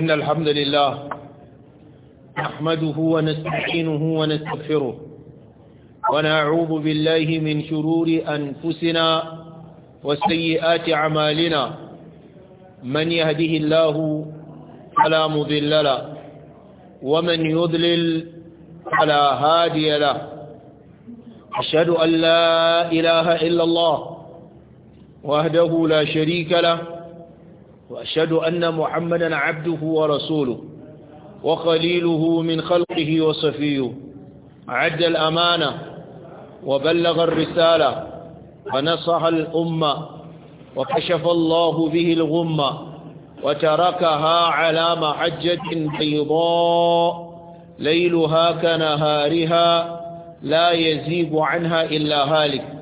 إن الحمد لله نحمده ونستعينه ونستغفره ونعوذ بالله من شرور أنفسنا وسيئات أعمالنا من يهده الله فلا مضل له ومن يضلل فلا هادي له أشهد أن لا إله إلا الله وأهده لا شريك له وأشهد أن محمدا عبده ورسوله وقليله من خلقه وصفيه عد الأمانة وبلغ الرسالة ونصح الأمة وكشف الله به الغمة وتركها على محجة بيضاء ليلها كنهارها لا يزيب عنها إلا هالك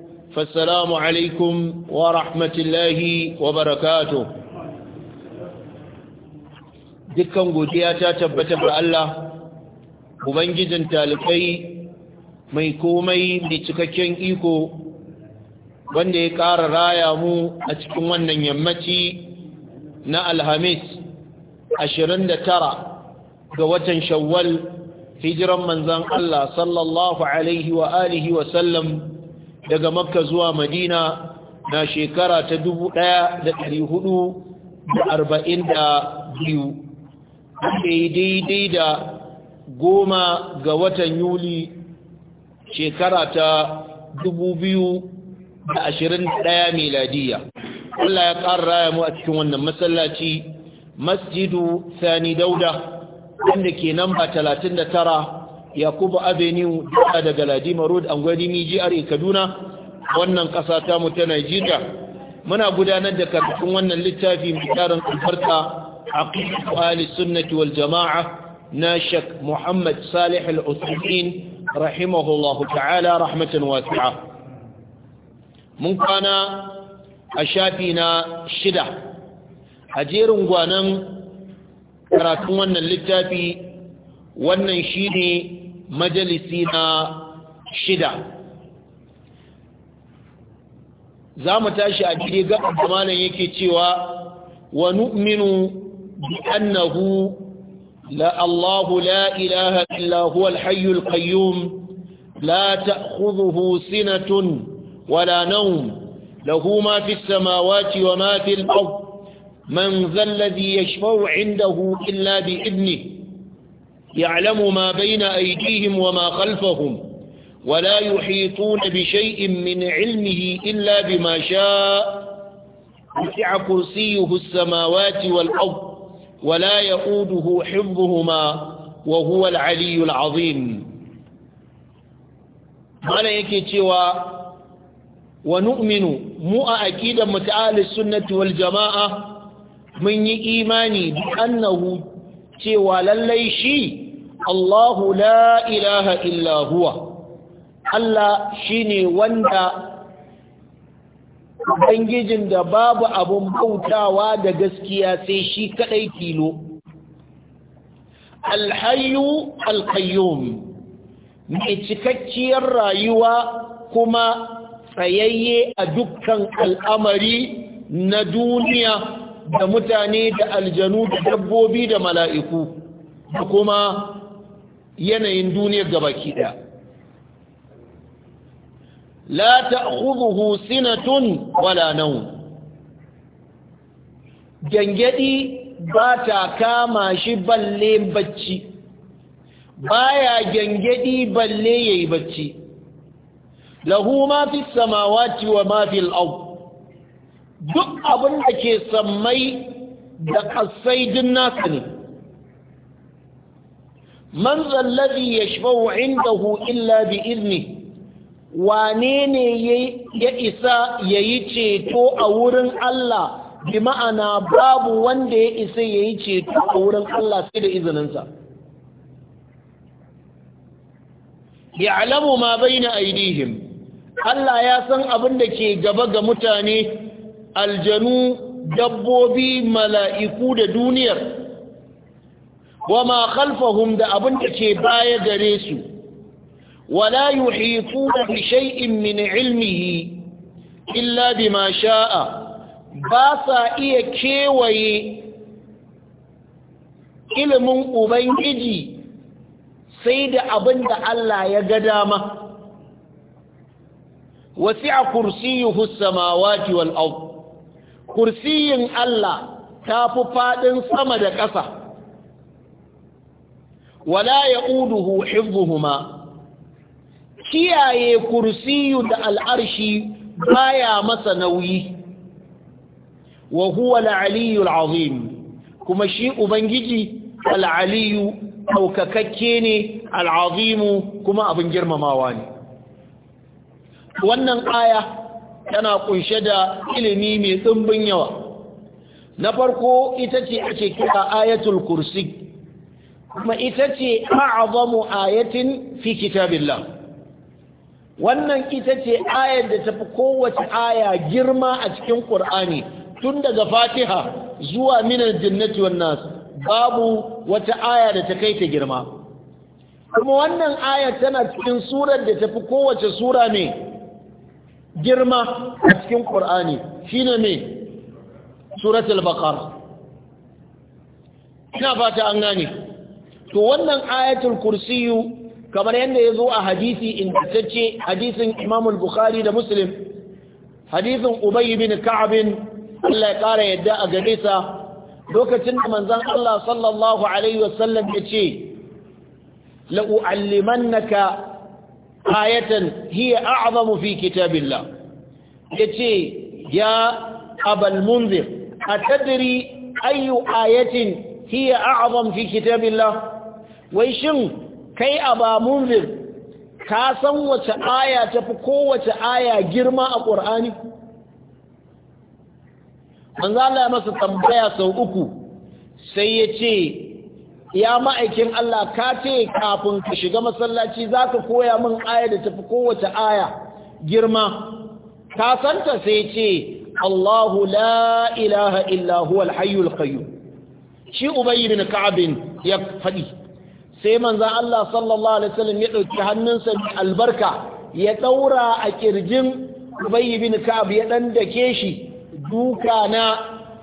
فالسلام عليكم ورحمة الله وبركاته dukkan godiya ta tabbata ga Allah ubangijin talibai mai komai da cikakken iko wanda ya ƙara raya mu a cikin wannan yammaci na alhamis 29 ga watan shawwal hijiran manzan Allah sallallahu alaihi wa alihi wa sallam daga makka zuwa madina na shekara ta biyu. daidai da goma ga watan yuli shekara ta biyu da ashirin ɗaya meladiya Allah ya ƙara raya mu a cikin wannan masallaci masjidu sani dauda wanda ke nan ba tara yakubu avenue duka daga ladima road angwani mijiyar kaduna wannan ƙasa ta mu ta nigeria muna gudanar da karatun wannan littafi mai tarin a aqidu ahli sunnati wal jama'a na shak muhammad salih al-usaimin rahimahullahu ta'ala rahmatan wasi'a mun kwana a shafi na shida a jerin gwanan karatun wannan littafi wannan shine majalisi na shida za mu tashi a jiri ga malam yake cewa wa nu'minu bi annahu la Allahu la ilaha illa huwa al-hayyul qayyum la ta'khudhuhu sinatun wala nawm lahu ma fi as-samawati wa ma fi al-ard man dha alladhi yashfa'u 'indahu illa bi idnihi يعلم ما بين أيديهم وما خلفهم ولا يحيطون بشيء من علمه إلا بما شاء وسع كرسيه السماوات والأرض ولا يؤوده حفظهما وهو العلي العظيم قال يكتوى ونؤمن مو nu'minu متعال السنة والجماعة من إيماني بأنه jama'a mun yi Allahu la ilaha illa huwa Allah shine wanda ubangijin da babu abun bautawa da gaskiya sai shi kadai tilo alhayu alqayyum mai cikakkiyar rayuwa kuma tsayayye a dukkan al'amari na duniya da mutane da aljanu da dabbobi da mala'iku da kuma yanayin duniyar ki daya la ta'khudhuhu tun wala nau gangadi ba ta kama shi balle bacci baya gangadi balle ya yi bacci lahu ma fi samawa wa ma fi duk abin da ke sammai da ƙasai nasa ne man zallazi yashfa'u indahu illa bi izni wane ne ya isa yayi ceto a wurin Allah bi ma'ana babu wanda ya isa yayi ceto a wurin Allah sai da izininsa ya'lamu ma bayna aydihim Allah ya san abin da ke gaba ga mutane aljanu dabbobi mala'iku da duniyar wa ma khalfahum da abin da ke baya gare su wala yuhituna bi shay'in min ilmihi illa bima sha'a ba sa iya kewaye ilimin ubangiji sai da abin da Allah ya ga dama wasi'a kursiyuhu samawati wal ard kursiyin Allah tafi fadin sama da ƙasa wala ya'uduhu hifdhuhuma kiyaye kursiyu da al'arshi baya masa nauyi wa huwa al azim kuma shi ubangiji al'aliyu haukakakke ne alazimu kuma abin girmamawa ne wannan aya tana kunshe da ilimi mai tsumbin yawa na farko ita ce ake kira ayatul kursi kuma ita ce a'azamu ayatin fi kitabillah wannan ita ce ayar da tafi kowace aya girma a cikin Qur'ani tun daga Fatiha zuwa minal jannati wan nas babu wata aya da ta kai ta girma kuma wannan aya tana cikin surar da tafi kowace sura ne girma a cikin Qur'ani shine ne suratul baqara ina fata an gane to wannan ayatul kursiyu kamar yadda ya zo a hadisi ingantacce hadisin imamul bukhari da muslim hadisin ubayi bin ka'abin Allah ya yadda a gare sa lokacin da manzon Allah sallallahu alaihi wasallam ya ce la'u'allimannaka ayatan hiya a'zamu fi kitabillah yace ya abal munzir atadri ayu ayatin hiya a'zam fi kitabillah wai shin kai a ba munzir ka san wace aya tafi kowace aya girma a ƙur'ani an za la masa tambaya sau uku sai ya ce ya ma'aikin Allah ka ce kafin ka shiga masallaci za ka koya min aya da tafi kowace aya girma ka santa sai ya ce Allahu la ilaha illa huwal qayyum shi ubayy bin ka'abin ya faɗi sai manzan Allah sallallahu alaihi wasallam ya ɗauki hannunsa mai albarka ya ɗaura a ƙirjin Ubay bin Ka'ab ya ɗan dake shi duka na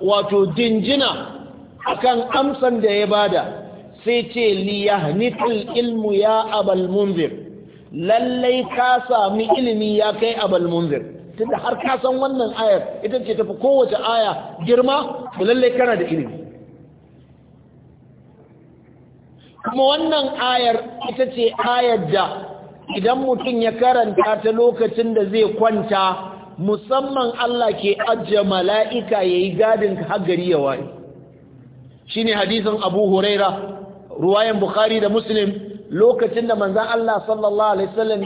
wato dinjina akan amsan da ya bada sai ce liyahnikul ilmu ya abal munzir lallai ka sami ilimi ya kai abal munzir tunda har ka san wannan ayar ita ce tafi kowace aya girma lallai kana da ilimi kuma wannan ayar ita ce ayar da idan mutum ya karanta ta lokacin da zai kwanta musamman Allah ke ajiye mala'ika ya yi gadin hagari ya wari shi ne hadisin abu huraira ruwayan bukhari da muslim lokacin da manzan Allah sallallahu Alaihi wasallam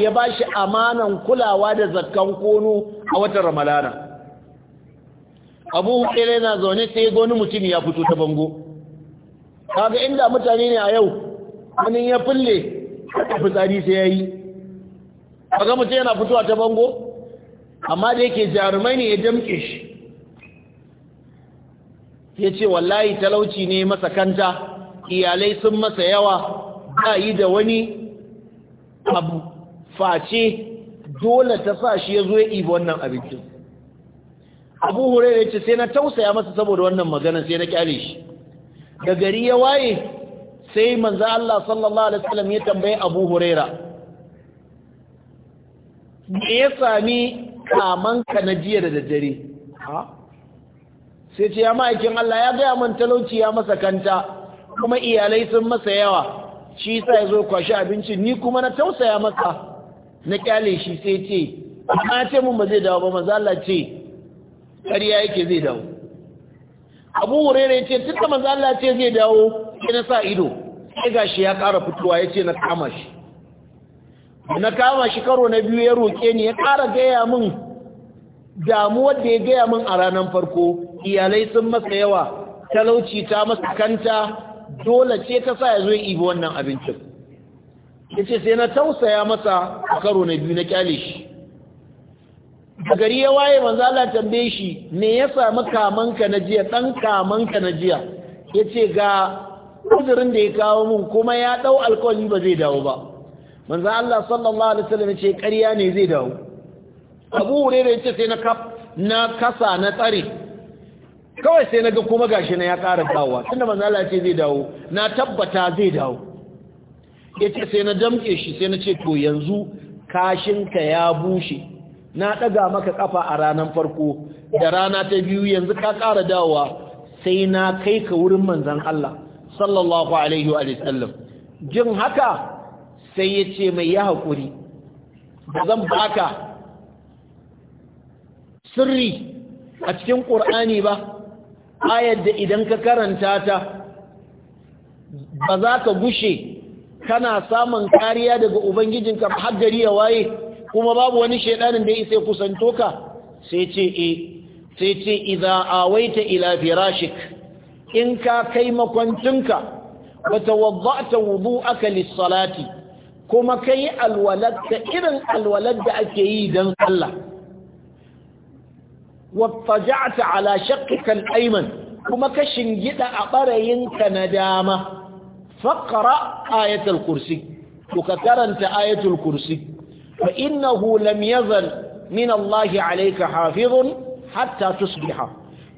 ya ba shi amanan kulawa da zakkan kono a watan Ramadana. abu huraira na zaune sai goni mutum ya fito ta bango kaga inda mutane ne a yau wani ya fulle fitsari sai ya yi kaga mutum yana fitowa ta bango amma da yake jarumai ne ya damke shi ya ce wallahi talauci ne masa kanta iyalai sun masa yawa ba yi da wani abu face dole ta sa shi ya zo ya ibi wannan abincin abu hurai ya ce sai na tausaya masa saboda wannan magana sai na kyale shi da gari ya waye sai manzo Allah sallallahu alaihi wasallam ya tambaye Abu Huraira me ya sami kaman ka na jiya da daddare sai ce ya ma'aikin Allah ya gaya mun talauci ya masa kanta kuma iyalai sun masa yawa shi sa ya zo kwashi abinci ni kuma na tausaya masa na kyale shi sai ce amma ce mun ba zai dawo ba manzo Allah ce kariya yake zai dawo abu hurera ya ce tunda manzo Allah ce zai dawo ya na sa ido sai gashi ya kara fitowa ya ce na kama shi na kama shi karo na biyu ya roke ni ya kara gaya min damuwar da ya gaya min a ranar farko iyalai sun masa yawa talauci ta masa kanta dole ce ta sa ya zo ya ibi wannan abincin ya ce sai na tausaya masa a karo na biyu na kyale shi da gari ya waye manzo Allah tambaye shi me ya samu kamanka na jiya dan kamanka na jiya yace ga uzurin da ya kawo mun kuma ya dau alkawari ba zai dawo ba manzo Allah sallallahu alaihi wasallam yace ƙarya ne zai dawo Abu Hurairah yace sai na kaf na kasa na tsare kawai sai na ga kuma gashi na ya ƙara dawowa tunda manzo Allah yace zai dawo na tabbata zai dawo yace sai na damke shi sai na ce to yanzu kashinka ya bushe na ɗaga maka ƙafa a ranar farko da rana ta biyu yanzu ka ƙara dawowa sai na kai ka wurin manzan Allah sallallahu alaihi wa jin haka sai ya ce mai ya haƙuri da zan baka sirri a cikin ƙur'ani ba ayar da idan ka karanta ta ba za ka gushe kana samun kariya daga ubangijinka har gari ya waye kuma babu wani shaidanin da ya kusanto ka sai ce e sai ce idza awaita ila firashik in ka kai makwancinka wa tawadda'ta wudu'aka lis-salati kuma kai alwalad ka irin alwalad da ake yi dan sallah wattaja'ta ala shaqqika al-ayman kuma ka shingida a barayinka na dama faqra ayatul kursi ku ka karanta ayatul kursi fa innahu lam yazal min Allah alayka hafizun hatta tusbiha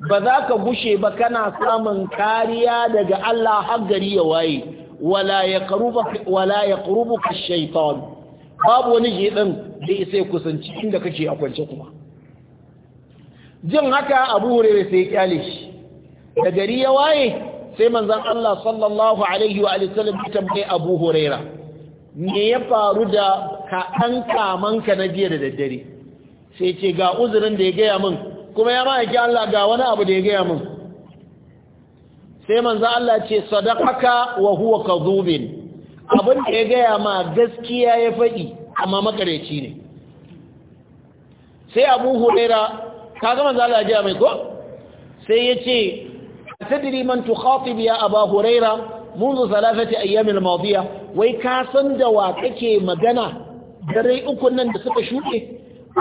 ba za ka bushe ba kana samun kariya daga Allah har gari ya waye wala yaqrubuka wala yaqrubuka shaytan babu wani kusanci inda kake a kwance kuma jin haka Abu Hurairah sai kyale shi da gari ya waye sai manzon Allah sallallahu alaihi wa sallam ya tambaye Abu Hurairah me ya faru da ka ɗan kamanka na jiya da daddare sai ce ga uzurin da ya gaya min kuma ya ma'aiki Allah ga wani abu da ya gaya min sai manza Allah ce sadakaka wa huwa ka zubin abin da ya gaya ma gaskiya ya faɗi amma makareci ne sai Abu Huraira gama za Allah ya mai ko sai ya ce yace tadri man tukhatib ya Abu Huraira منذ wai ka san da wa kake magana. dare uku nan da suka shuɗe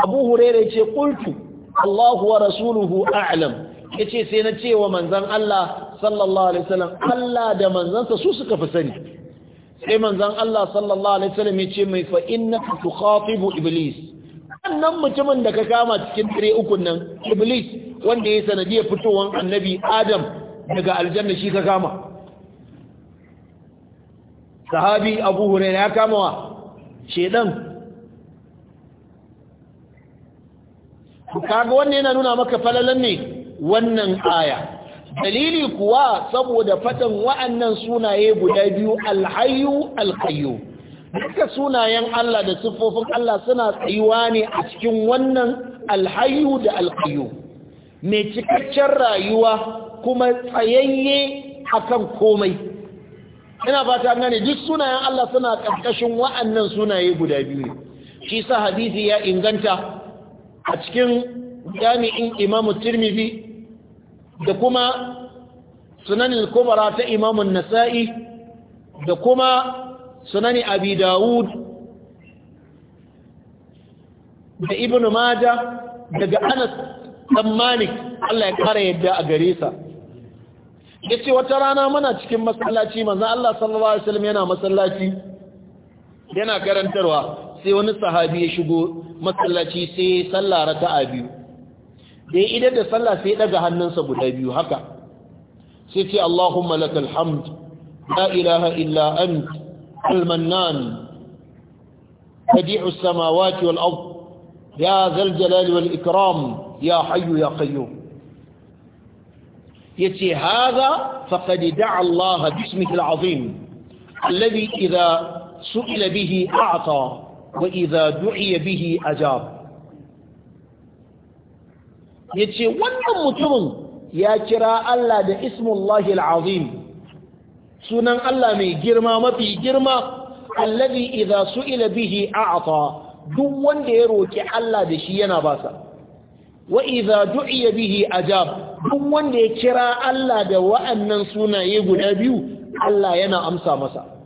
abu hurere ce kultu Allahu wa rasuluhu a'lam yace sai na cewa manzan Allah sallallahu alaihi wasallam Allah da manzansa su suka fi sani sai manzan Allah sallallahu alaihi wasallam yace mai fa innaka tukhatibu iblis wannan mutumin da ka kama cikin dare uku nan iblis wanda ya sanadiyar fitowar annabi Adam daga aljanna shi ka kama sahabi Abu Hurairah ya kama wa shedan to kaga wannan yana nuna maka falalan ne wannan aya dalili kuwa saboda fatan wa'annan sunaye guda biyu alhayyu alqayyu duka sunayen Allah da siffofin Allah suna tsayuwa ne a cikin wannan alhayyu da alqayyu mai cikakken rayuwa kuma tsayayye akan komai ina fata gane duk sunayen Allah suna karkashin wa'annan sunaye guda biyu shi sa hadisi ya inganta a cikin jami'in imamu tirmidhi da kuma sunanin kubara ta imamun nasa'i da kuma sunani abi dawud da ibn majah daga anas dan malik Allah ya ƙara yadda a gare sa yace wata rana muna cikin masallaci manzo Allah sallallahu alaihi wasallam yana masallaci yana karantarwa sai wani sahabi ya shigo masallaci sai sallah raka'a biyu da idan da sallah sai daga hannunsa guda biyu haka sai ce Allahumma lakal hamd la ilaha illa ant al-mannan badi'u samawati wal ard ya zal jalali wal ikram ya hayyu ya qayyum yace haza faqad da'a Allah bismihi al-azim alladhi idha su'ila bihi a'ta Wa'iza idza du'iya bihi ajab ce wannan mutumin ya kira Allah da ismullahi alazim sunan Allah mai girma mafi girma alladhi idza su'ila bihi a'ta duk wanda ya roki Allah da shi yana basa Wa'iza idza du'iya bihi ajab duk wanda ya kira Allah da wa'annan sunaye guda biyu Allah yana amsa masa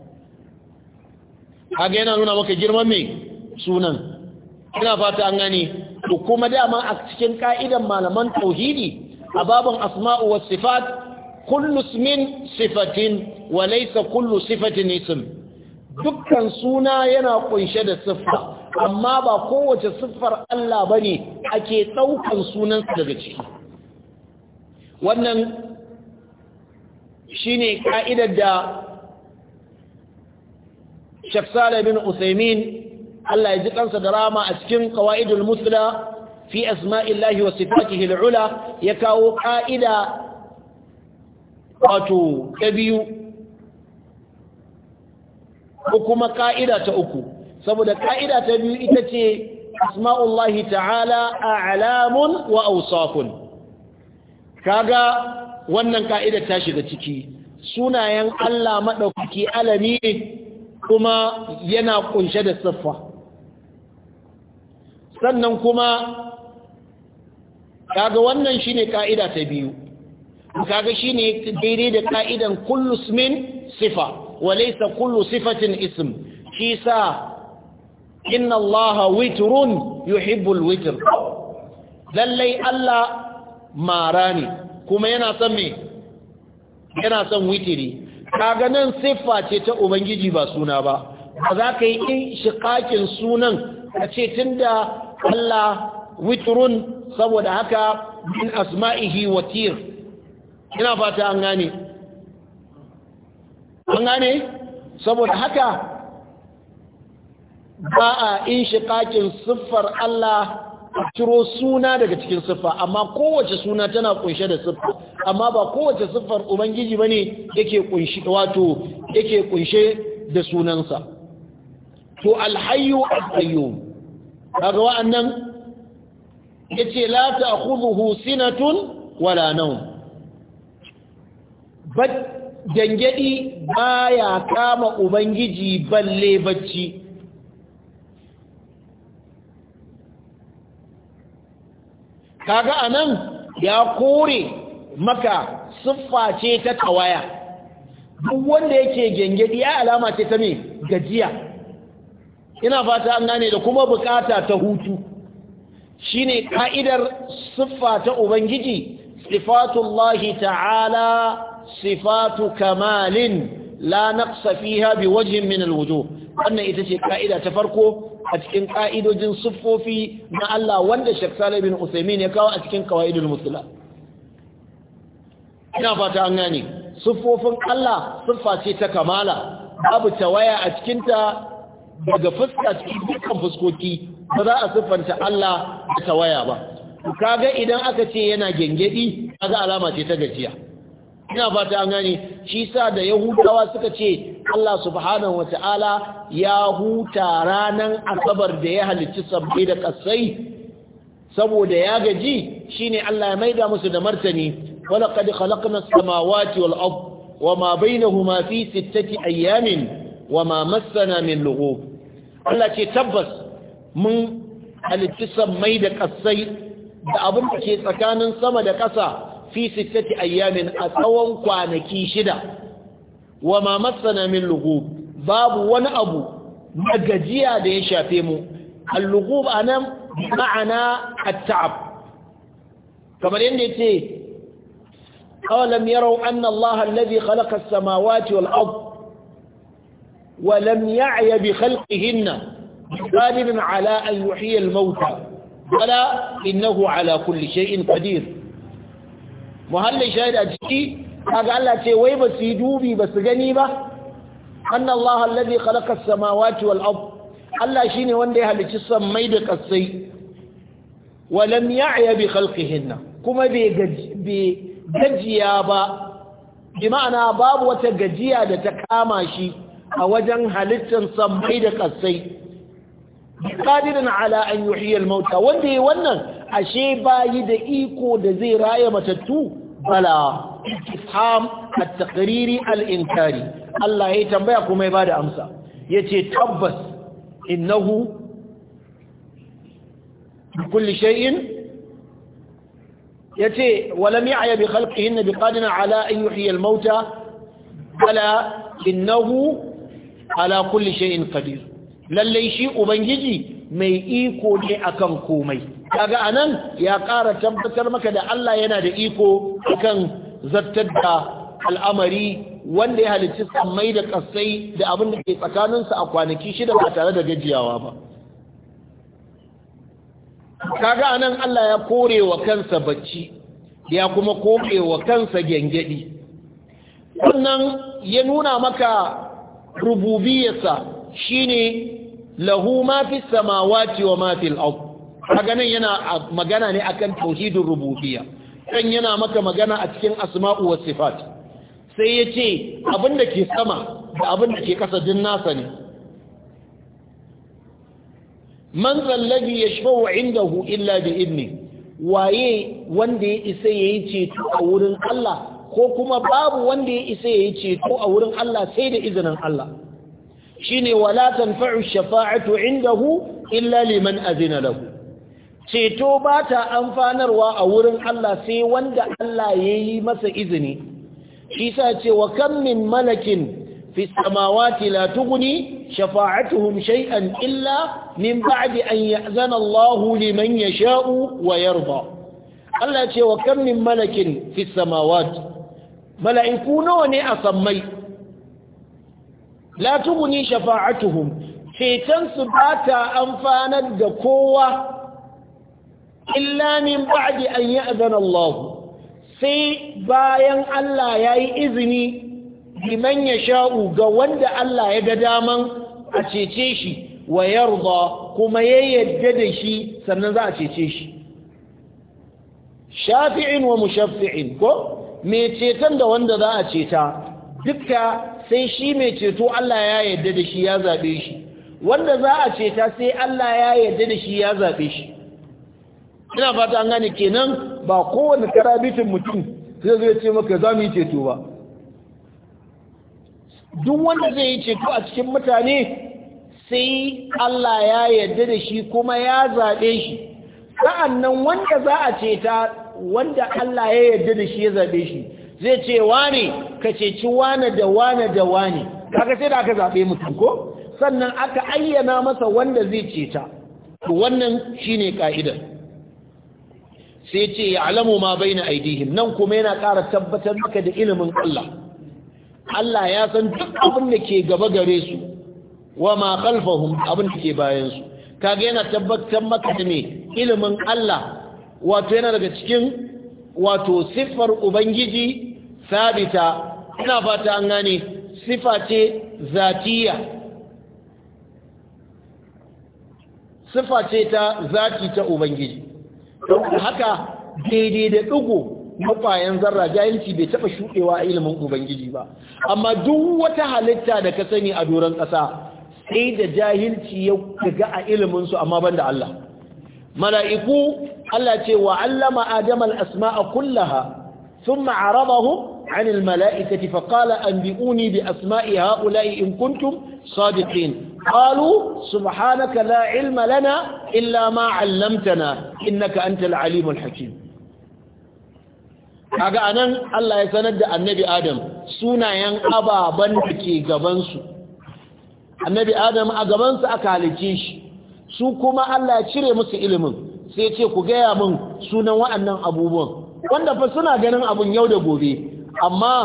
haka yana nuna maka girman mai sunan ina fata an gani. to kuma dama a cikin ka'idan malaman tauhidi a babin asma'u was sifat kullu ismin sifatin wa laysa kullu sifatin ism dukkan suna yana kunshe da siffa amma ba kowace siffar Allah bane ake daukan sunansa daga ciki wannan shine ka'idar da Sheikh Saleh bin Usaimin Allah ya ji kansa da rama a cikin qawaidul musla fi asma'illahi wa sifatihi al'ula ya kawo ka'ida wato ta biyu ko kuma ka'ida ta uku saboda ka'ida ta biyu ita ce asma'ullahi ta'ala a'lamun wa awsafun kaga wannan ka'ida ta shiga ciki sunayen Allah madaukaki alami ne kuma yana kunshe da siffa sannan kuma kaga wannan shine ka'ida ta biyu kaga shine daidai da ka'idan kullu ismin sifa wa laysa kullu sifatin ism shi sa inna allaha witrun yuhibbul witr lallai Allah mara ne kuma yana son me yana son witiri kaga nan siffa ce ta ubangiji ba suna ba ba za ka yi in shiƙaƙin sunan a ce tun da Allah witrun saboda haka min asma'ihi watir ina fata an gane an gane saboda haka ba a in shiƙaƙin siffar Allah a ciro suna daga cikin siffa amma kowace suna tana kunshe da siffa amma ba kowace siffar ubangiji bane yake kunshi wato yake kunshe da sunansa to alhayyu alqayyum kaga wa'annan yace la ta'khudhuhu sinatun wala nawm bad dangedi baya kama ubangiji balle bacci kaga anan ya kore maka siffa ce ta tawaya duk wanda yake gengedi ya alama ce ta me gajiya ina fata an gane da kuma bukata ta hutu shine ka'idar siffa ta ubangiji sifatullahi ta'ala sifatu kamalin la naqsa fiha biwajhin min alwujuh wannan ita ce ka'ida ta farko a cikin ka'idojin siffofi na Allah wanda Sheikh Salih bin ya kawo a cikin Qawaidul Musla ina fata an gane siffofin Allah siffa ce ta kamala babu tawaya a cikinta daga fuska cikin dukkan fuskoki ba za a siffanta Allah da tawaya ba kaga idan aka ce yana gengedi kaga alama ce ta gajiya ina fata an gane shi sa da yahudawa suka ce Allah subhanahu wata'ala ya huta ranan asabar da ya halicci sabbi da kasai saboda ya gaji shine Allah ya maida musu da martani wala qad khalaqna as-samawati wal ard wama bainahuma fi sittati ayamin wama massana min lughub Allah ce tabbas mun halicci sammai da kasai da abin da ke tsakanin sama da ƙasa fi sittati ayyamin a tsawon kwanaki shida wa ma masana min lugub babu wani abu na gajiya da ya shafe mu al-lugub anan ma'ana at-ta'ab kamar yadda yace awalam yarau anna Allah alladhi khalaqa as-samawati wal-ard wa lam ya'ya bi khalqihinna قادر على أن يحيي الموتى بلى إنه على كل شيء قدير muhallin shahid a ciki kaga Allah ce wai ba su yi dubi ba su gani ba anna Allah alladhi khalaqa as-samawati wal ard Allah shine wanda ya halicci sammai da kasai wa lam ya'ya bi khalqihinna kuma bai gajiya ba bi ma'ana babu wata gajiya da ta kama shi a wajen halittar sammai da kasai qadirin ala an yuhyi al-mauta wanda wannan ashe bayi da iko da zai raya matattu bala istifham at-taqriri al-inkari Allah ya tambaya kuma ya bada amsa yace tabbas innahu kulli shay'in yace walam ya'ya bi khalqihi bi qadina ala an yuhyi al-mauta ala innahu ala shi ubangiji mai iko ne akan komai kaga anan ya ƙara tabbatar maka da Allah yana da iko akan zartar da al'amari wanda ya halicci samai da kasai da abin da ke tsakaninsa a kwanaki shida ba tare da gajiyawa ba kaga anan Allah ya kore wa kansa bacci ya kuma kore wa kansa gyangyaɗi wannan ya nuna maka rububiyarsa shine lahu ma fi samawati wa ma fil ard yana magana ne akan tauhidur rububiyya kan yana maka magana a cikin asma'u was sifat sai yace abinda ke sama da abinda ke kasa din nasa ne man zallabi yashfa'u indahu illa bi idni waye wanda ya isa yayi ceto a wurin Allah ko kuma babu wanda ya isa yayi ceto a wurin Allah sai da izinin Allah shine wala tanfa'u shafa'atu indahu illa liman azina lahu ceto ba ta amfanarwa a wurin Allah sai wanda Allah yayi masa izini Isa ce wa kam min malakin fi samawati la tughni shafa'atuhum shay'an illa min ba'di an ya'zana Allah liman yasha'u wa yarda Allah ce wa kam min malakin fi samawati mala'iku nawa ne a sammai la tughni shafa'atuhum ceton su ba ta amfanar da kowa illa min ba'di an ya'zana Allah sai bayan Allah yayi izini liman yasha'u ga wanda Allah ya ga daman a cece shi wa yarda kuma ya yadda da shi sannan za a cece shi shafi'in wa mushaffi'in ko me ceton da wanda za a ceta duka. sai shi mai ceto Allah ya yarda da shi ya zaɓe shi wanda za a ceta sai Allah ya yarda da shi ya zaɓe shi ina fata an gane kenan ba kowane karabitin mutum sai zai ce maka za mu yi ceto ba duk wanda zai yi ceto a cikin mutane sai Allah ya yarda da shi kuma ya zaɓe shi sa'annan wanda za a ceta wanda Allah ya yarda da shi ya zaɓe shi zai ce wane ka ceci wane da wane da wane kaga sai da aka zaɓe mutum ko sannan aka ayyana masa wanda zai ceta ta. wannan shine ka'idar sai ce ya alamu ma baina aidihim nan kuma yana ƙara tabbatar maka da ilimin Allah Allah ya san duk abin da ke gaba gare su wa ma khalfahum abin da ke bayan su kaga yana tabbatar maka da ne ilimin Allah wato yana daga cikin wato siffar ubangiji sabita ina fata an gane sifa ce zatiya sifa ce ta zati ta ubangiji haka daidai da ɗigo mafayan zarra jahilci bai taɓa shuɗewa ilimin ubangiji ba amma duk wata halitta da ka sani a doron ƙasa sai da jahilci ya kaga a iliminsu amma ban da Allah mala'iku Allah ce wa allama adamal asma'a kullaha sun ma'arabahu عن الملائكة فقال أنبئوني بأسماء هؤلاء إن كنتم صادقين قالوا سبحانك لا علم لنا إلا ما علمتنا إنك أنت العليم الحكيم kaga anan Allah ya sanar da Annabi Adam sunayen ababan da ke gaban su Annabi Adam a gaban su aka halice shi su kuma Allah ya cire musu ilimin sai ya ce ku gaya mun sunan waɗannan abubuwan wanda fa suna ganin abun yau da gobe amma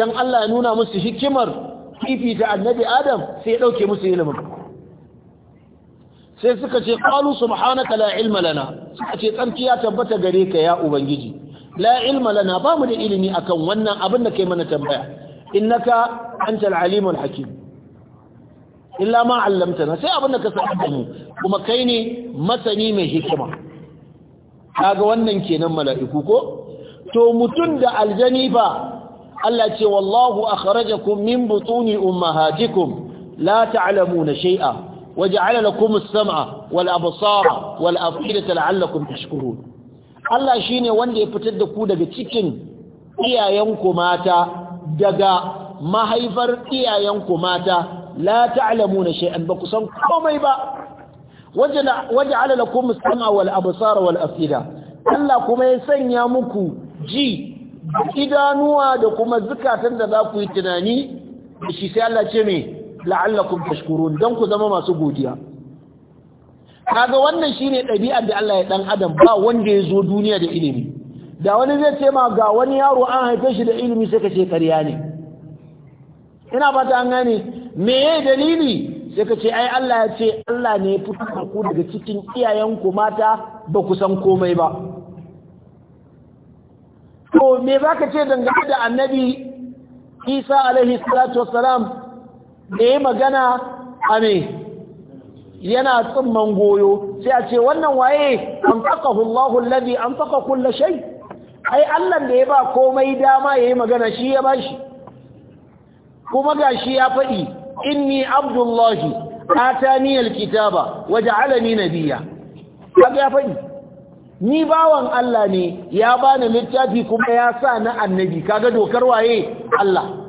dan Allah ya nuna musu hikimar fifita annabi adam sai ya dauke musu ilimin sai suka ce qalu subhanaka la ilma lana suka ce tsarki ya tabbata gare ka ya ubangiji La'ilma lana ba mu da ilimi akan wannan abin da kai mana tambaya innaka antal alimul hakim illa ma 'allamtana sai abin da ka sanar mu kuma kai ne masani mai hikima kaga wannan kenan mala'iku ko to mutum da aljani ba Allah ce wallahu akhrajakum min butuni ummahatikum la ta'lamuna shay'a waja'ala lakum as-sam'a wal absara wal afidata la'allakum tashkurun Allah shine wanda ya fitar da ku daga cikin iyayenku mata daga mahaifar iyayenku mata la ta'lamuna shay'an ba ku san komai ba waja'ala lakum as-sam'a wal absara wal afida Allah kuma ya sanya muku ji idanuwa da kuma zukatan da za ku yi tunani da shi sai Allah ce me la'allakum tashkurun dan ku zama masu godiya kaga wannan shine ɗabi'ar da Allah ya ɗan adam ba wanda ya zo duniya da ilimi da wani zai ce ma ga wani yaro an haife shi da ilimi sai ka ce ƙarya ne ina fata an gane meye dalili sai ka ce ai Allah ya ce Allah ne ya fito da ku daga cikin iyayenku mata ba ku san komai ba to me za ka ce dangane da annabi isa alaihi salatu wassalam da ya magana a me yana tsimman goyo sai a ce wannan waye an faka hullahu ladi an faka kulla shai ai allan da ya ba komai dama ya yi magana shi ya bashi kuma ga shi ya faɗi inni abdullahi ataniyal kitaba alami nabiyya kaga ya faɗi ni bawan Allah ne ya bani littafi kuma ya sa na annabi kaga dokar waye Allah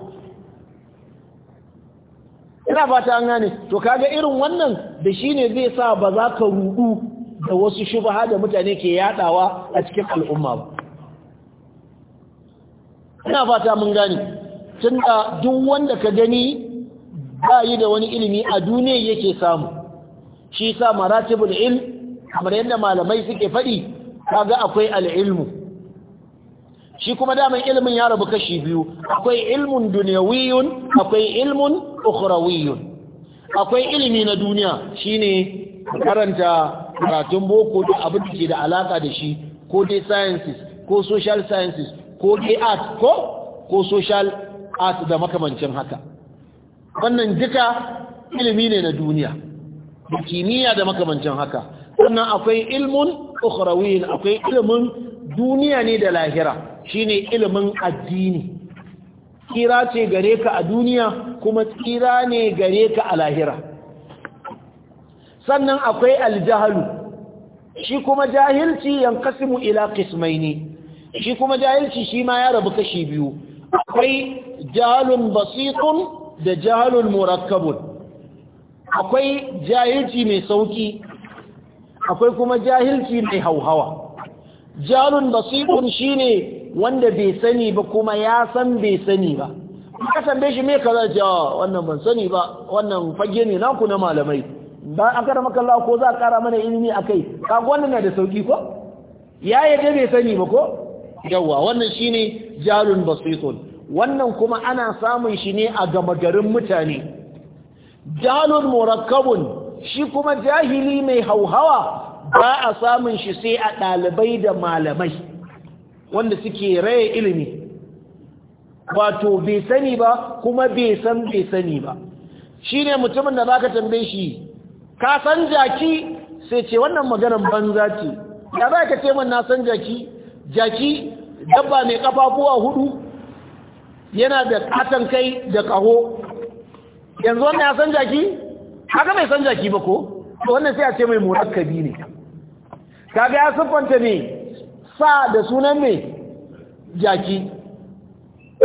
ina fata an gane to kaga irin wannan da shine zai sa ba za ka rudu da wasu shubha da mutane ke yadawa a cikin al'umma ba ina fata mun gane tunda duk wanda ka gani ba yi da wani ilimi a duniya yake samu shi sa maratibul ilm kamar yadda malamai suke faɗi kaga akwai al'ilmu shi kuma daman ilimin ya rabu kashi biyu akwai ilmun duniyawiyun akwai ilmun ukurawiyun akwai ilimi na duniya shi ne karanta karatun boko da abin da ke da alaka da shi ko dai sciences ko social sciences ko dai art ko ko social art da makamancin haka wannan duka ilimi ne na duniya da kimiyya da makamancin haka sannan akwai ilmun ukhrawi akwai ilmin duniya ne da lahira shine ilmin addini tsira ce gare ka a duniya kuma tsira ne gare ka a lahira sannan akwai aljahalu shi kuma jahilci yankasimu ila qismaini shi kuma jahilci shi ma ya rabu kashi biyu akwai jahalun basitun da jahalun murakkabun akwai jahilci mai sauki akwai kuma jahilci mai hauhawa jalun basirun shine wanda bai sani ba kuma ya san bai sani ba ka bai shi me kaza ce ah, wannan ban sani ba wannan fage ne naku na malamai ba an da maka ko za a kara mana ilimi akai ka wannan na da sauki ko ya yadda bai sani ba ko yawa wannan shine jalun basitun wannan kuma ana samun shi ne a gama garin mutane jalun murakkabun shi kuma jahili mai hauhawa ba a samun shi sai a ɗalibai da malamai wanda suke raye ilimi wato bai sani ba kuma bai san bai sani ba shi ne mutumin da za ka tambaye shi ka san jaki sai ce wannan maganan banza ce da za ka ce man na san jaki jaki dabba mai kafafuwa hudu yana da katon kai da kaho yanzu wannan ya san jaki kaga mai san jaki ba ko to wannan sai a ce mai murakkabi ne kaga ya siffanta ne sa da sunan mai jaki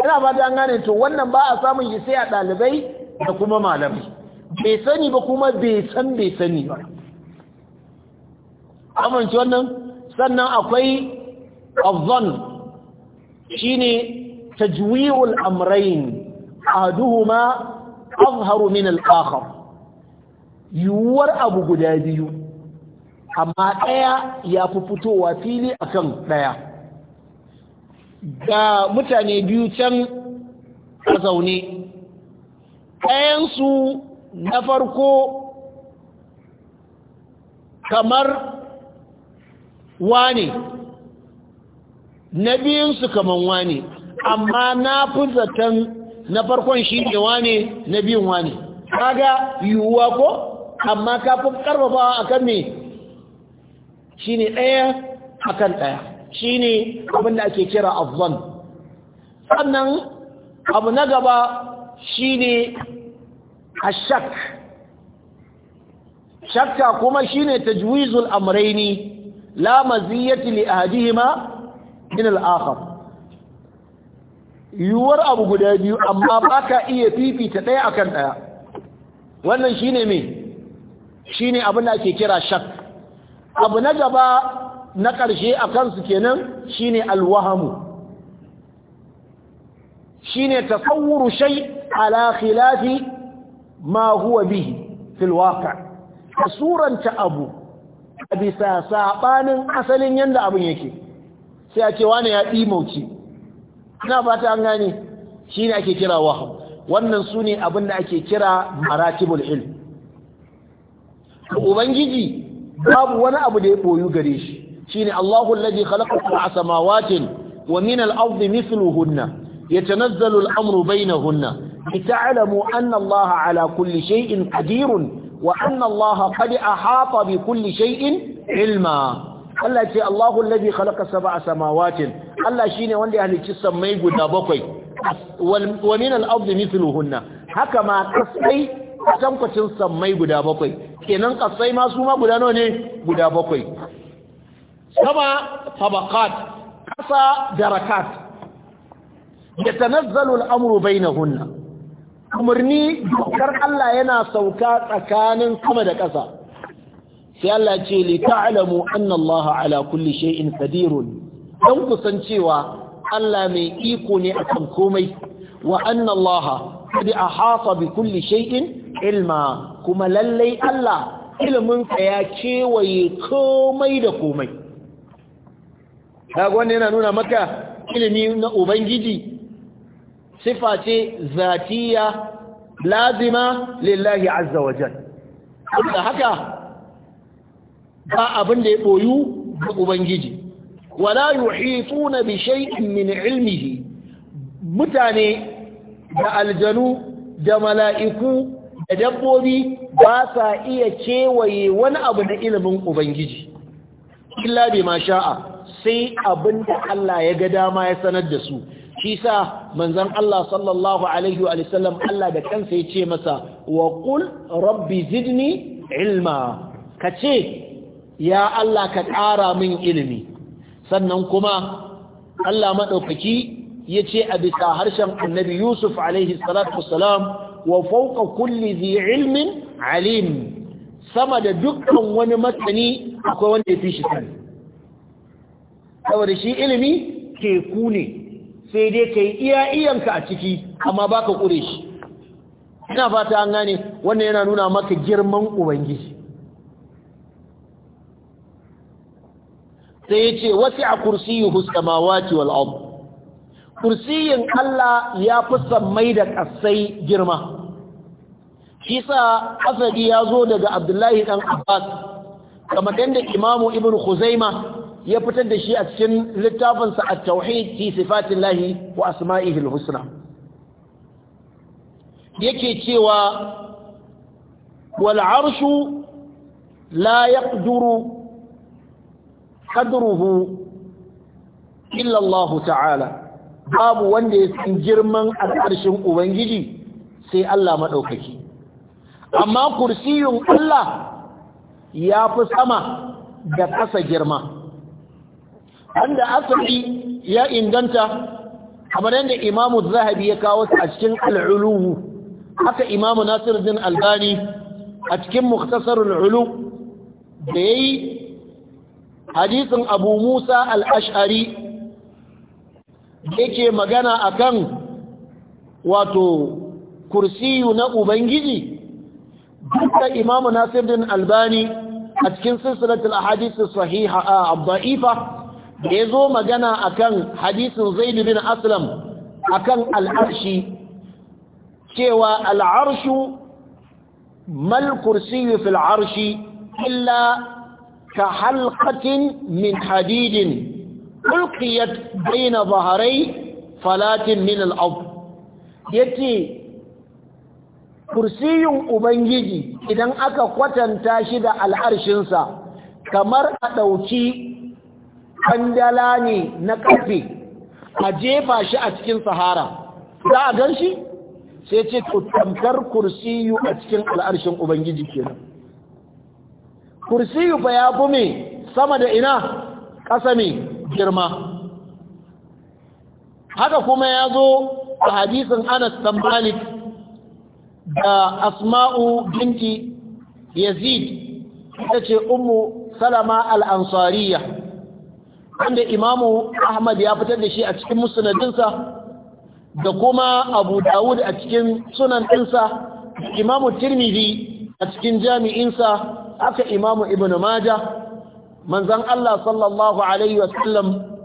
ina ba da an gane to wannan ba a samun shi sai a ɗalibai da kuma malamai bai sani ba kuma bai san bai sani ba amince wannan sannan akwai afzan shine tajwi'ul amrayn aduhuma azharu min al-akhar yiwuwar abu guda biyu amma ɗaya ya fi fitowa fili akan ɗaya ga mutane biyu can a zaune ɗayansu na farko kamar wane na biyunsu kaman wane amma na fi zaton na farkon shi ne wane na biyun wane kaga yiwuwa ko amma kafin fi karfafawa akan me shine ɗaya akan ɗaya shine abin da ake kira afwan sannan abu na gaba shine ashak shakka kuma shine tajwizul amraini la maziyati li ahadihima min al-akhar yuwar abu guda biyu amma baka iya fifita ɗaya akan ɗaya wannan shine me ne abin da ake kira shak abu na gaba na ƙarshe a kansu kenan shine alwahamu shine ta tsawuru shai alakhilafi ma huwa bihi filwaka Ka suranta abu A bisa saɓanin asalin yadda abin yake sai a ce wani ya mauki. ina fata an gane ne ake kira wahamu wannan su ne abin da ake kira maratibul ilm ubangiji babu wani abu da ya koyu gare shi shine Allahu alladhi khalaqa sab'a samawatin wa min al-ardi mithluhunna yatanazzalu al-amru bainahunna lita'lamu anna Allaha ala kulli shay'in qadirun wa anna kadi qad ahata bi kulli shay'in ilma Allah ce Allahu alladhi khalaqa sab'a samawatin Allah shine wanda ya halicci sammai guda bakwai wa min al-ardi mithluhunna haka ma kasai kwatankwacin sammai guda bakwai kenan kasai ma su ma guda nawa ne guda bakwai sama tabaqat kasa darakat yatanazzalu al-amru bainahunna umarni dokar Allah yana sauka tsakanin sama da ƙasa sai Allah ce li ta'lamu anna Allah ala kulli shay'in qadirun dan cewa Allah mai iko ne akan komai wa anna Allah qad ahata bi kulli shay'in ilma kuma lallai Allah ilminka ya kewaye komai da komai kaga yana nuna maka ilimi na ubangiji sifa ce zatiya lazima lillahi azza wajal da haka ba abin da ya boyu ga ubangiji wala na bi shay'in min ilmihi mutane da aljanu da mala'iku da dabbobi ba sa iya kewaye wani abu na ilimin ubangiji illa bai ma sha'a sai abin da Allah ya ga dama ya sanar da su shi sa manzon Allah sallallahu alaihi wa sallam Allah da kansa ya ce masa wa qul rabbi zidni ilma kace ya Allah ka ƙara min ilimi sannan kuma Allah maɗaukaki ya ce a bisa harshen annabi Yusuf alaihi salatu wasalam wa fawqa kulli dhi ilmin alim sama da dukkan wani matsani akwai wanda ya fi shi sani saboda shi ilimi Keku ne sai dai ka yi iya iyanka a ciki amma ba ka ƙure shi ina fata an gane wannan yana nuna maka girman ubangiji sai ya ce wasu a kursi yi huskamawa kursiyin Allah ya fi sammai da ƙasai girma shi sa asali ya zo daga abdullahi ɗan abbas kamar yadda imamu ibn huzaima ya fitar da shi a cikin littafinsa a tauhid fi sifatin lahi wa asma'ihil husna yake cewa wal arshu la yaqduru qadruhu illa Allah ta'ala babu wanda ya san girman ƙarshen ubangiji sai Allah maɗaukaki amma kursiyun Allah ya fi sama da ƙasa girma wanda asali ya inganta kamar yadda imamu zahabi ya kawo a cikin al'uluwu haka imamu nasiruddin albani a cikin muktasarul ulu da ya yi hadisin abu musa al'ash'ari yake magana akan wato kursiyu na ubangiji duka imamu nasir din albani a cikin silsilatul ahadithu sahiha a abda'ifa da ya zo magana akan hadisin zaid bin aslam akan al'arshi cewa al'arshu mal kursiyu fil arshi illa ka halqatin min hadidin ulqiyat baina baharai falatin min al ya yace kursiyun ubangiji idan aka kwatanta shi da al'arshinsa kamar a ɗauki kandala ne na ƙarfe a jefa shi a cikin sahara za a gan shi sai ce tamkar kursiyu a cikin al'arshin ubangiji kenan kursiyu ba ya fi me sama da ina ƙasa mai girma haka kuma ya zo a hadisin anas tambalik da asma'u binti yazid ita ce ummu salama al'ansariya wanda imamu ahmad ya fitar da shi a cikin musanadinsa da kuma abu dawud a cikin sunan ɗinsa imamu tirmidhi a cikin jami'insa aka imamu ibn majah manzan Allah sallallahu alaihi wasallam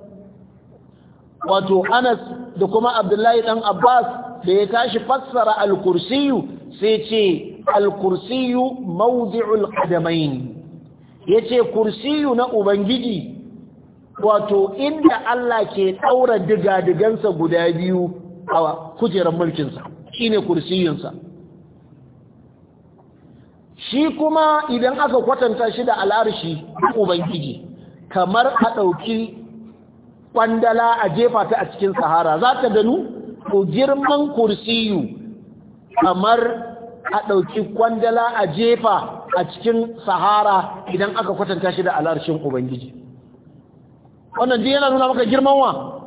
wato Anas da kuma Abdullahi ɗan Abbas da ya tashi fassara al-kursiyu sai ce al-kursiyu mawdi'ul qadamain yace kursiyu na ubangiji wato inda Allah ke ɗaura diga-digansa guda biyu a kujerar mulkinsa shine Kursiyunsa. shi kuma idan aka kwatanta shi da al'arshi ubangiji kamar a ɗauki ƙwandala a jefa ta a cikin sahara za ta danu ko girman kursiyu kamar a ɗauki ƙwandala a jefa a cikin sahara idan aka kwatanta shi da al'arshin ubangiji wannan ji yana nuna maka girman wa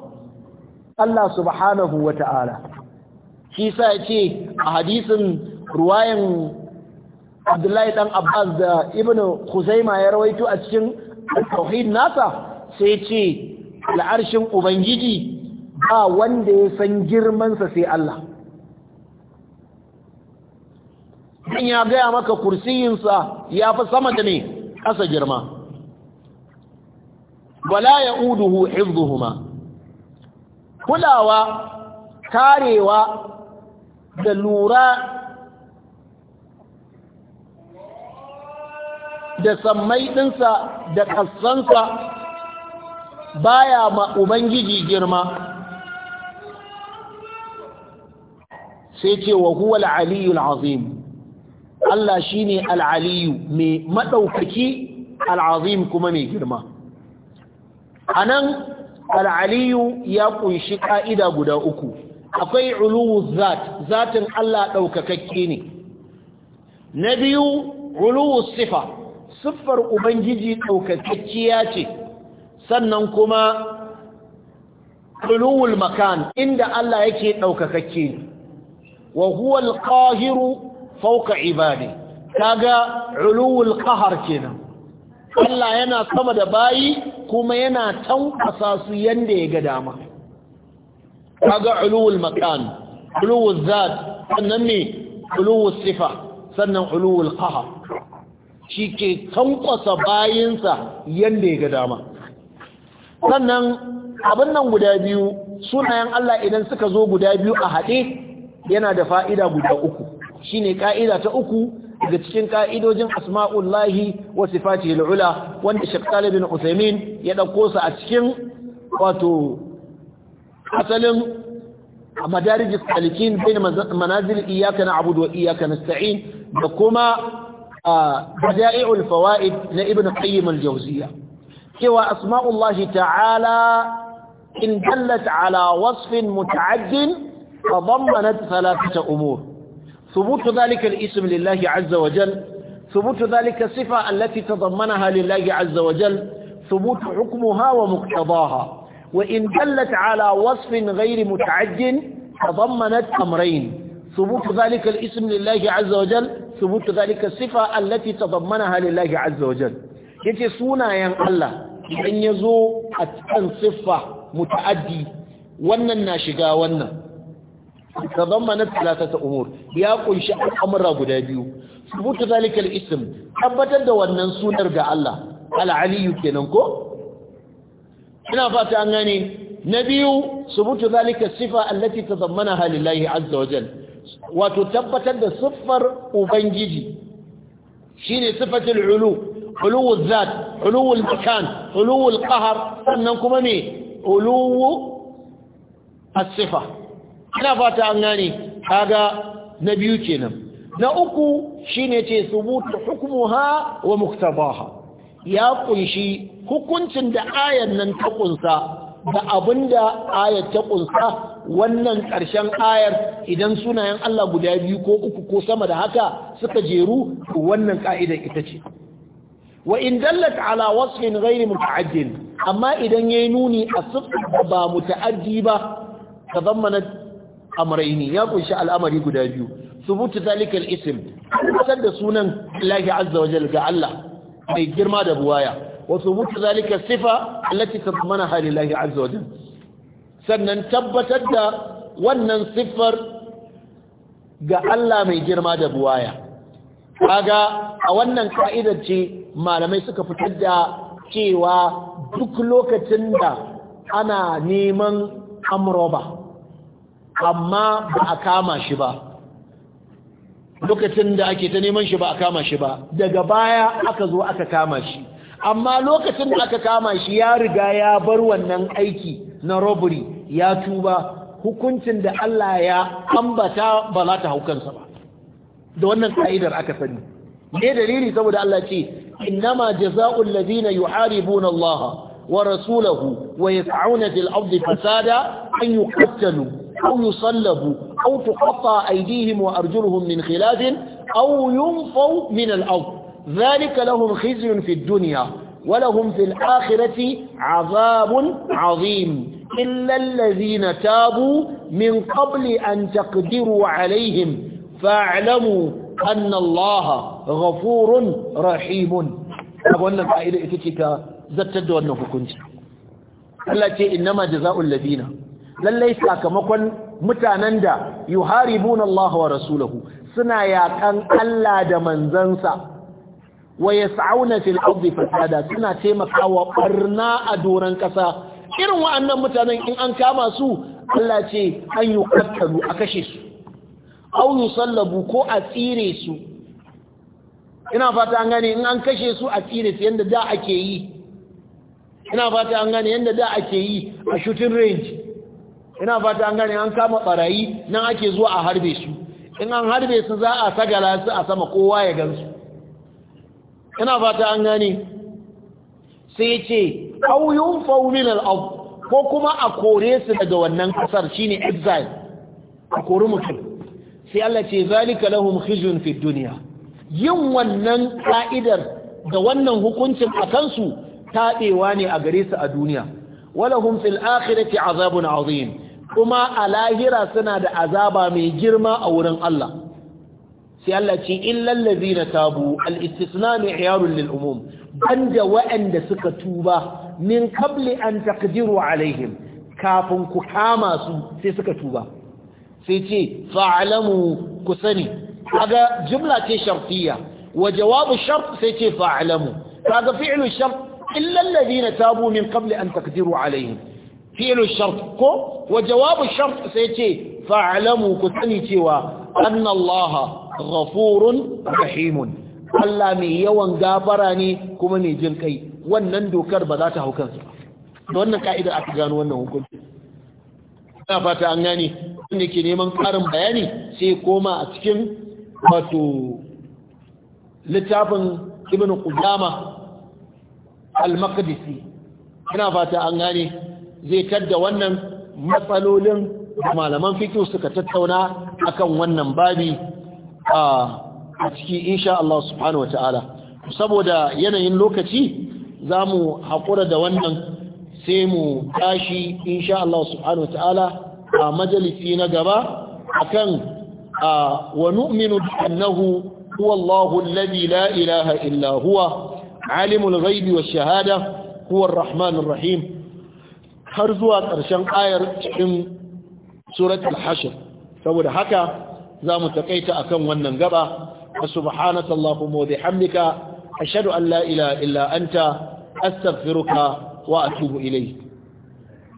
Allah subhanahu wa ta'ala Kisa ya ce a hadisin ruwayan abdullahi dan abbas da ibnu khuzaima ya rawaito a cikin tauhid nasa sai ce al'arshin ubangiji ba wanda ya san girmansa sai Allah in ya gaya maka sa ya fi sama da ne ƙasa girma wala ya uduhu kulawa karewa da lura da sammai ɗinsa da ƙassansa baya ma ubangiji girma sai ce wa huwa al azim Allah shine al-aliyu mai maɗaukaki al-azim kuma mai girma anan al-aliyu ya ƙunshi ƙa'ida guda uku akwai uluwu zat zatin Allah ɗaukakakke ne na biyu uluwu sifa siffar ubangiji ɗaukakacciya ce sannan kuma ɗuluwul makan inda Allah yake ɗaukakacce wa huwa alqahiru fawqa ibadi kaga uluwul qahar kenan Allah yana sama da bayi kuma yana tankasa su yanda ya ga dama kaga uluwul makan uluwul zat sannan ne uluwul sifa sannan uluwul ƙahar? shi ke kankwasa bayansa yadda ya ga dama sannan abin nan guda biyu sunayen Allah idan suka zo guda biyu a haɗe yana da fa'ida guda uku Shi ne ƙa'ida ta uku daga cikin ƙa'idojin asma'ullahi wa sifati al'ula wanda shakkali bin usaimin ya ɗauko su a cikin wato asalin madarijis alikin bai manazil iyaka na abu da iyaka na sta'in da kuma بدائع الفوائد لابن القيم الجوزية كوا أسماء الله تعالى إن دلت على وصف متعد تضمنت ثلاثة أمور ثبوت ذلك الاسم لله عز وجل ثبوت ذلك الصفة التي تضمنها لله عز وجل ثبوت حكمها ومقتضاها وإن دلت على وصف غير متعد تضمنت أمرين ثبوت ذلك الاسم لله عز وجل ثبوت ذلك الصفة التي تضمنها لله عز وجل yace sunayen Allah idan yazo a cikin siffa mutaaddi wannan na shiga wannan tazammana talatata umur ya kunshi al'amura guda biyu subutu zalikal ism tabbatar da wannan sunar ga Allah al-aliyu kenan ko ina fata an gane na biyu subutu zalika sifa allati tazammanaha lillahi azza wa wato tabbatar da siffar ubangiji shine sifatul ulu uluwul zat uluwul makan uluwul qahar sannan kuma ne uluwu as-sifa ina fata an gane kaga na biyu kenan na uku shine ce subutu hukmuha wa muktabaha ya kunshi hukuncin da ayan nan ta kunsa da abin da ayar ta ƙunsa wannan ƙarshen ayar idan sunayen Allah guda biyu ko uku ko sama da haka suka jeru wannan ƙa'idar ita ce wa in dallat ala wasfin ghairi muta'addin amma idan yayi nuni a sifa ba muta'addi ba tazammana amraini ya kunshi al'amari guda biyu ثبوت ذلك الاسم kasar da sunan Allah azza wajal ga Allah mai girma da buwaya wa thubutu zalika sifa allati tadmanaha lillahi azza wa sannan tabbatar da wannan siffar ga Allah mai girma da buwaya kaga a wannan ka'idar ce malamai suka fitar da cewa duk lokacin da ana neman amroba amma ba a kama shi ba lokacin da ake ta neman shi ba a kama shi ba daga baya aka zo aka kama shi amma lokacin da aka kama shi ya riga ya bar wannan aiki na robbery ya tuba hukuncin da Allah ya ambata ba za ta haukansa ba da wannan ka'idar aka sani ne dalili saboda Allah ce innama jaza'ul ladina yuharibuna Allah wa rasulahu wa yas'una fil ardi fasada an yuqtalu aw yusallabu aw tuqatta aydihim wa arjuluhum min khilaf aw yunfaw min al ard ذلك لهم خزي في الدنيا ولهم في الآخرة عذاب عظيم إلا الذين تابوا من قبل أن تقدروا عليهم فاعلموا أن الله غفور رحيم أقول لك إذا إتتك زتدوا أنه كنت التي إنما جزاء الذين lallai sakamakon mutanen da yuharibuna Allah wa rasulahu suna yakan Allah da manzansa wa yas'auna fil ardi fasada suna taimakawa barna a doran kasa irin wa'annan mutanen in an kama su Allah ce an yi kattaru a kashe su au yusallabu ko a tsire su ina fata an gane in an kashe su a tsire su yanda da ake yi ina fata an gane yanda da ake yi a shooting range ina fata an gane an kama barayi nan ake zuwa a harbe su in an harbe su za a sagala su a sama kowa ya gansu ina fata an gane sai ce ƙauyun faunin abu ko kuma a kore su daga wannan kasar shine exile a kori mutum sai Allah ce zalika lahum khizyun fi dunya yin wannan ka'idar da wannan hukuncin a kansu taɗewa ne a gare su a duniya walahum fil akhirati azabun azim kuma a lahira suna da azaba mai girma a wurin Allah sai Allah ce illal ladina tabu al-istisna mi'yarun lil umum banda wa'anda suka tuba min qabli an taqdiru alaihim kafin ku kama su sai suka tuba sai ce fa'lamu ku sani kaga jumla ce shartiyya wa jawabu shart sai ce fa'lamu kaga fi'lu shart illal ladina tabu min qabli an taqdiru alaihim fi'lu shart ko wa jawabu shart sai ce fa'lamu ku sani cewa anna allaha ghafurun rahimun Allah mai yawan gafara ne kuma mai jin kai wannan dokar ba za ta hau kansu ba da wannan ka'idar aka gano wannan hukunci ina fata an gane wanda ke neman karin bayani sai koma a cikin wato littafin ibn qudama al-maqdisi ina fata an gane zai tadda wannan matsalolin malaman fikihu suka tattauna akan wannan babi a ciki insha Allah subhanahu wataala saboda yanayin lokaci za mu haƙura da wannan sai mu tashi insha Allah subhanahu wataala a majalisi na gaba akan wa nu'minu annahu huwa Allahu labi la ilaha illa huwa alimul ghaibi wa shahada huwa rahman rahim har zuwa ƙarshen ayar cikin suratul hashir saboda haka za mu takaita kan wannan gaba subhanaka allahumma wa bihamdika ashadu an la ilaha illa anta astaghfiruka wa atubu ilayk